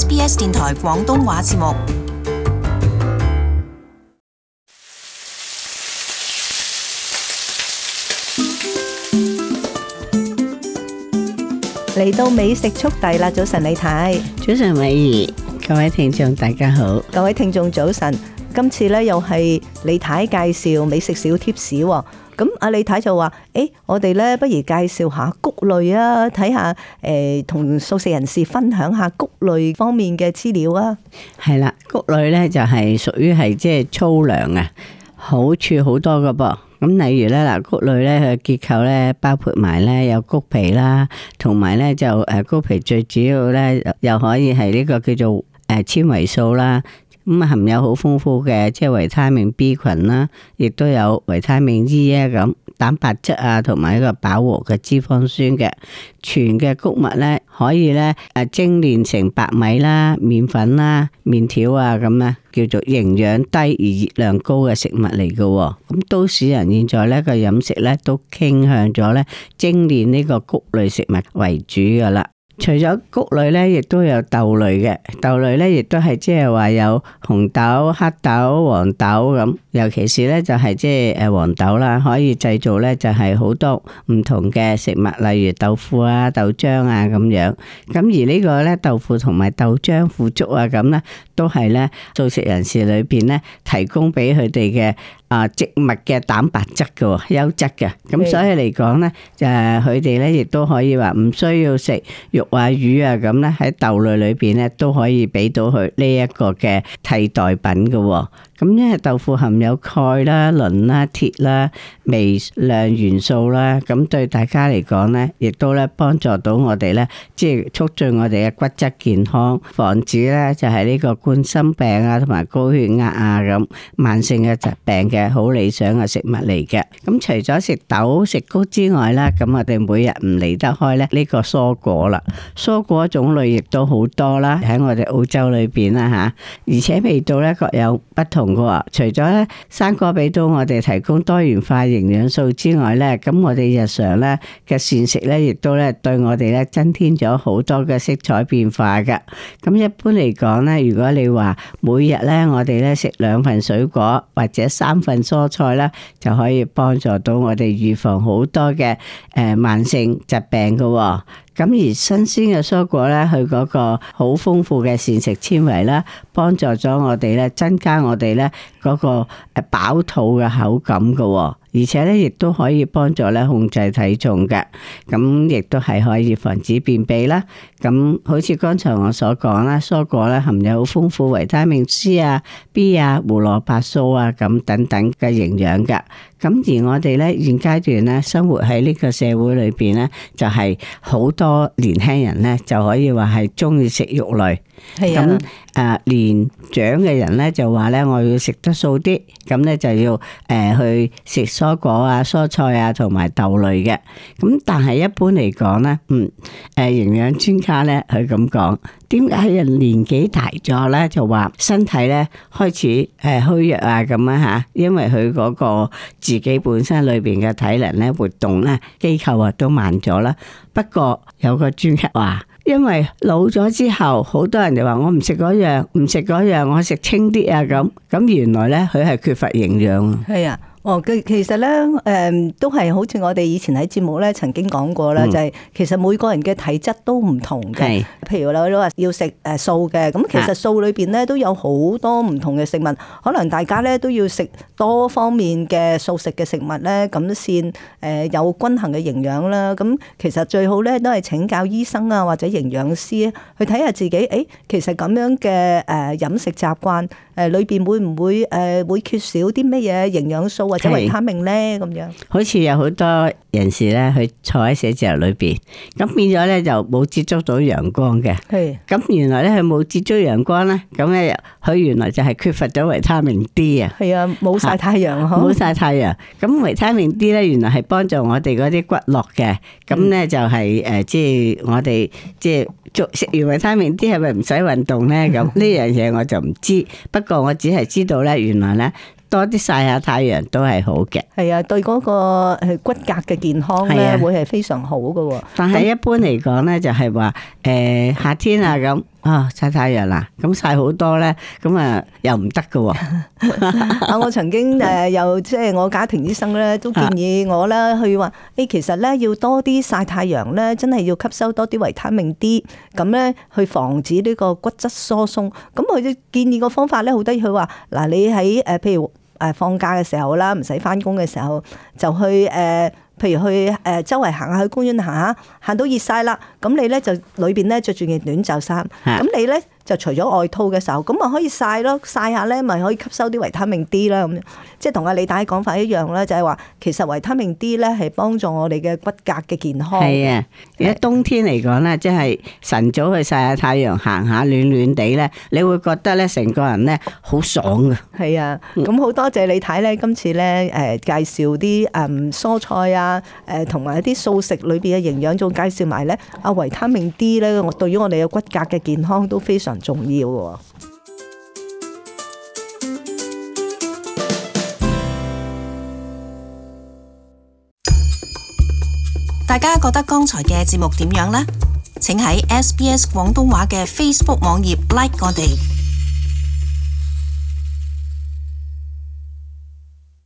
SBS 電台廣東話節目，嚟到美食速遞啦！早晨，你睇，早晨，美儀，各位聽眾大家好，各位聽眾早晨。今次咧又係李太介紹美食小貼士喎，咁阿李太就話，誒，我哋咧不如介紹下谷類啊，睇下誒，同素食人士分享下谷類方面嘅資料啊。係啦，谷類咧就係屬於係即係粗糧啊，好處好多噶噃。咁例如咧嗱，谷類咧佢結構咧包括埋咧有谷皮啦，同埋咧就誒谷皮最主要咧又可以係呢個叫做。誒，纖維素啦，咁啊含有好豐富嘅，即係維他命 B 群啦，亦都有維他命 E 啊，咁蛋白質啊，同埋一個飽和嘅脂肪酸嘅全嘅穀物呢，可以咧誒精煉成白米啦、麵粉啦、麵條啊咁啊，叫做營養低而熱量高嘅食物嚟嘅。咁都市人現在呢個飲食呢，都傾向咗咧精煉呢個穀類食物為主噶啦。除咗穀類咧，亦都有豆類嘅。豆類咧，亦都係即係話有紅豆、黑豆、黃豆咁。尤其是咧，就係即係誒黃豆啦，可以製造咧就係好多唔同嘅食物，例如豆腐啊、豆漿啊咁樣。咁而個呢個咧，豆腐同埋豆漿腐竹啊咁咧，都係咧素食人士裏邊咧提供俾佢哋嘅啊植物嘅蛋白質嘅、哦，優質嘅。咁所以嚟講咧，就係佢哋咧亦都可以話唔需要食肉。話、啊、魚啊咁咧，喺豆類裏邊咧都可以俾到佢呢一個嘅替代品噶、哦。咁因為豆腐含有鈣啦、磷啦、鐵啦、啦、微量元素啦，咁對大家嚟講咧，亦都咧幫助到我哋咧，即係促進我哋嘅骨質健康，防止咧就係呢個冠心病啊同埋高血壓啊咁慢性嘅疾病嘅好理想嘅食物嚟嘅。咁除咗食豆食菇之外啦，咁我哋每日唔離得開咧呢個蔬果啦。蔬果種類亦都好多啦，喺我哋澳洲裏邊啦吓，而且味道咧各有不同噶。除咗咧生果俾到我哋提供多元化營養素之外咧，咁我哋日常咧嘅膳食咧，亦都咧對我哋咧增添咗好多嘅色彩變化噶。咁一般嚟講咧，如果你話每日咧我哋咧食兩份水果或者三份蔬菜咧，就可以幫助到我哋預防好多嘅誒慢性疾病噶。咁而新鮮嘅蔬果咧，佢嗰個好豐富嘅膳食纖維啦，幫助咗我哋咧，增加我哋咧嗰個誒飽肚嘅口感嘅，而且咧亦都可以幫助咧控制體重嘅，咁亦都係可以防止便秘啦。咁好似剛才我所講啦，蔬果咧含有好豐富維他命 C 啊、B 啊、胡蘿蔔素啊咁等等嘅營養嘅。咁而我哋咧現階段咧生活喺呢個社會裏邊咧，就係好多年輕人咧就可以話係中意食肉類。係啊。咁誒年長嘅人咧就話咧我要食得素啲，咁咧就要誒去食蔬果啊、蔬菜啊同埋豆類嘅。咁但係一般嚟講咧，嗯，誒營養專家咧佢咁講，點解人年紀大咗咧就話身體咧開始誒虛弱啊咁樣吓？因為佢嗰個。自己本身裏邊嘅體能咧活動咧機構啊都慢咗啦，不過有個專家話，因為老咗之後，好多人就話我唔食嗰樣，唔食嗰樣，我食清啲啊咁，咁原來咧佢係缺乏營養，係啊。哦，其其實咧，誒、嗯，都係好似我哋以前喺節目咧，曾經講過啦，嗯、就係其實每個人嘅體質都唔同嘅。是譬如啦，話要食誒素嘅，咁其實素裏邊咧都有好多唔同嘅食物，可能大家咧都要食多方面嘅素食嘅食物咧，咁先誒有均衡嘅營養啦。咁其實最好咧都係請教醫生啊，或者營養師去睇下自己，誒，其實咁樣嘅誒飲食習慣，誒裏邊會唔會誒、呃、會缺少啲乜嘢營養素？或者維他命咧，咁樣，好似有好多人士咧，佢坐喺寫字樓裏邊，咁變咗咧就冇接觸到陽光嘅。係，咁原來咧佢冇接觸陽光咧，咁咧佢原來就係缺乏咗維他命 D 啊。係啊，冇曬太陽啊，冇曬太陽。咁維他命 D 咧原來係幫助我哋嗰啲骨骼嘅。咁咧、嗯、就係誒，即係我哋即係食完維他命 D 係咪唔使運動咧？咁呢樣嘢我就唔知。 不過我只係知道咧，原來咧。多啲曬下太陽都係好嘅，係啊，對嗰個骨骼嘅健康咧，啊、會係非常好嘅。但係一般嚟講咧，就係話誒夏天啊咁啊曬太陽啦，咁曬好多咧，咁啊又唔得嘅。啊， 我曾經誒又即係我家庭醫生咧，都建議我啦，去話誒其實咧要多啲曬太陽咧，真係要吸收多啲維他命 D，咁咧去防止呢個骨質疏鬆。咁佢建議個方法咧，好得意，佢話嗱，你喺誒譬如。誒，放假嘅時候啦，唔使翻工嘅時候就去誒。呃譬如去誒，周圍行下，去公園行下，行到熱晒啦，咁你咧就裏邊咧着住件短袖衫，咁是的 你咧就除咗外套嘅時候，咁咪可以曬咯，曬下咧咪可以吸收啲維他命 D 啦咁。即係同阿李太講法一樣啦，就係話其實維他命 D 咧係幫助我哋嘅骨骼嘅健康。係啊，而家冬天嚟講咧，即係晨早去曬下太陽行下暖暖地咧，你會覺得咧成個人咧好爽啊，係啊，咁好多謝李太咧，今次咧誒介紹啲誒蔬菜啊。啊！誒，同埋一啲素食裏邊嘅營養，仲介紹埋咧，阿維他命 D 咧，我對於我哋嘅骨骼嘅健康都非常重要。大家覺得剛才嘅節目點樣呢？請喺 SBS 廣東話嘅 Facebook 網頁 like 我哋。